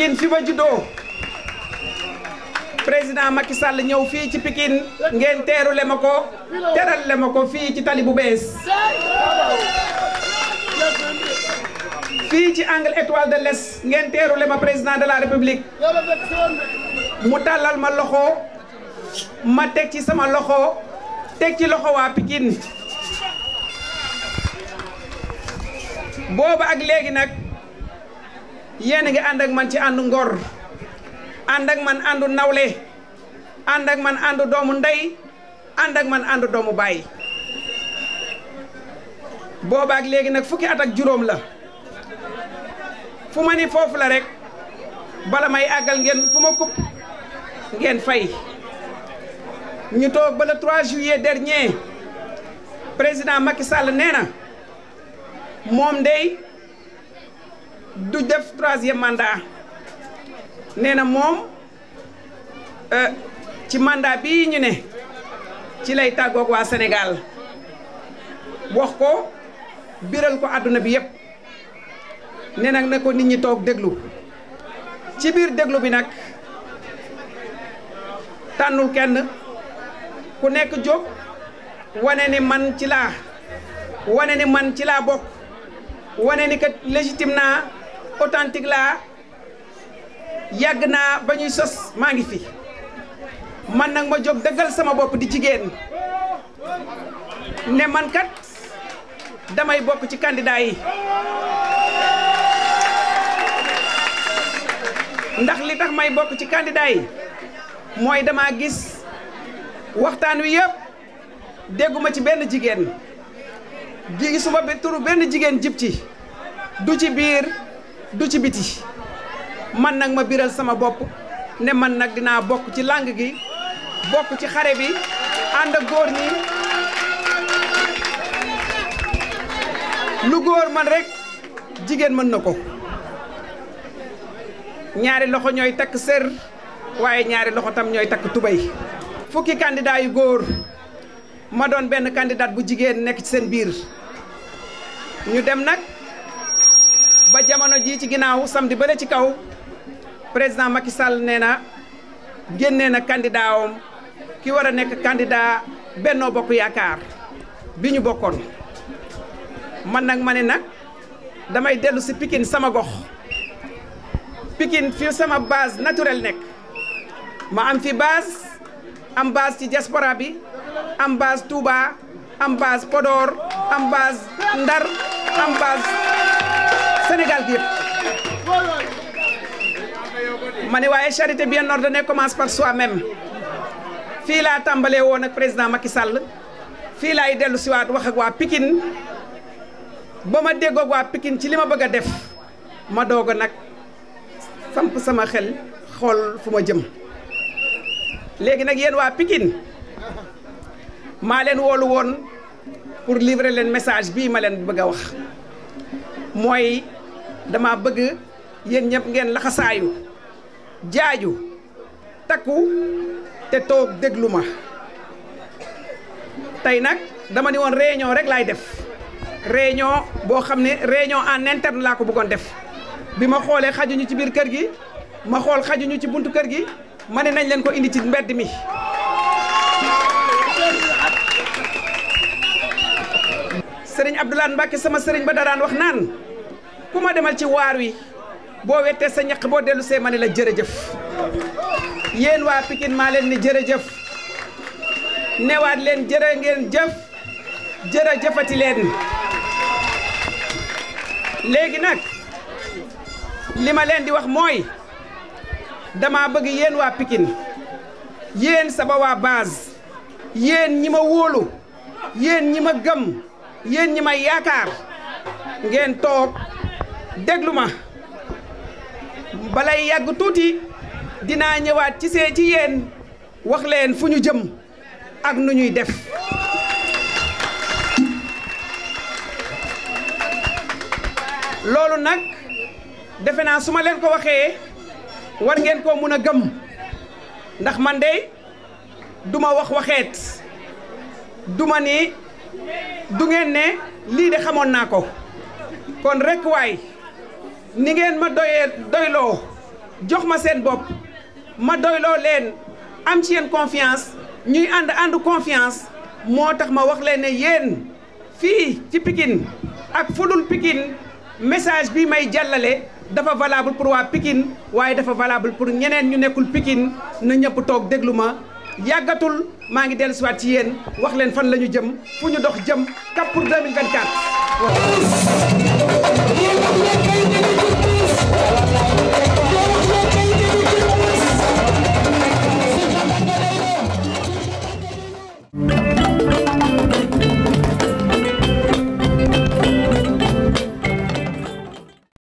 Pikine fi ma juddoo président Macky Sall ñëw fii ci Pikine ngeen teeru ma ko teral le ma ko fii ci tali bu bees fii ci angle étoile de l'Est ngeen teeru ma président de la république mu tàllal ma loxo ma teg ci sama loxo teg ci loxo waa Pikine ak léegi nag yéen a ngi ànd ak man ci àndu ngor ànd ak man àndu nawle ànd ak man àndu doomu ndey ànd ak man àndu doomu baay boobaak léegi nag fukki at ak juróom la fu ma ni foofu la rekk bala may àggal ngeen fu ma kupp ngeen fay ñu toog ba le 3 juillet dernier président Macky Sall nee na moom dey du def troisième mandat nee na moom euh, ci màndaa bii ñu ne ci lay tàggoog waa Sénégal wox ko biral ko àdduna bi yépp ne nag na ko nit ñi toog déglu ci biir déglu bi nag tànnul kenn ku nekk jóg wane ni man ci laa wane ni man ci laa bokk wane ni kat légitime naa authentique laa yàgg naa ba ñuy sos maa ngi fi man nag ma jóg dëggal sama bopp di jigéen ne man kat damay bokk ci candidat yi ndax li tax may bokk ci candidat yi mooy dama gis waxtaan wi yépp dégguma ci benn jigéen gisuma bi turu benn jigéen jib ci du ci biir du ci biti man nag ma biral sama bopp ne man nag dinaa bokk ci lang gi bokk ci xare bi ànd ak góor ñi lu góor man rekk jigéen mën na ko ñaari loxo ñooy takk sër waaye ñaari loxo tam ñooy takk tubéy fukki candidat góor ma doon benn candidat bu jigéen nekk ci seen biir ñu dem nag ba jamono jii ci ginnaaw samdi bële ci kaw président Macky Sall nee na génnee na candidat ki war a nekk candidat Benno Bokk Yaakaar bi ñu bokkoon man nag ma ne nag damay dellu si Pikine sama gox Pikine fi sama baas naturelle nekk ma am fi base am base ci diaspora bi am base Touba am base Podor am base Ndar am base Sénégal gi yëpp ma ne waaye charité bien ordonnée commence par soi-même fii laa tàmbalee woon ak président Macky Sall fii laay dellusiwaat si wax ak waa Pikine boo ma déggoog waa Pikine ci li ma bëgg a def ma doog a nag samp sama xel xool fu ma jëm léegi nag yéen waa Pikine maa leen woolu woon pour livrer leen message bii ma leen bëgg a wax mooy dama bëgg yéen ñëpp ngeen laxasaayu jaaju takku te toog déglu ma tey nag dama ni woon réunion rek laay def réunion boo xam ne réunion en interne laa ko bëggoon def bi ma xoolee xajuñu ci biir kër gi ma xool xajuñu ci bunt kër gi ma ne nañ leen ko indi ci mbedd mi sëriñ Abdoulaye Mbacke sama sëriñ ba da daan wax naan ku ma demal ci waar wi boo wettee sa ñaq boo dellu see ma ne la jërëjëf yéen waa Pikine maa leen ni jërëjëf newaat leen jërë ngeen jëf jërëjëfati leen léegi nag li ma leen di wax mooy dama bëgg yéen waa Pikine yéen sama waa base yéen ñi ma wóolu yéen ñi ma gëm yéen ñi ma yaakaar ngeen toog déglu ma balay yàgg tuuti dinaa ñëwaat ci see ci yéen wax leen fu ñu jëm ak nu ñuy def loolu nag defe naa su ma leen ko waxee war ngeen koo mën a gëm ndax man de duma wax waxeet duma ni du ngeen ne lii de xamoon naa ko kon rek waay ni ngeen ma doyee doyloo jox ma seen bopp ma doyloo leen am ci yéen confiance ñuy ànd ànd confiance moo tax ma wax leen ne yéen fii ci Pikine ak fudul pikin message bi may jàllale dafa valable pour waa Pikine waaye dafa valable pour ñeneen ñu nekkul pikin na ñëpp toog déglu yàggatul maa ngi dellu siwaat ci yéen wax leen fan la ñu jëm fu ñu dox jëm cap pour 2024.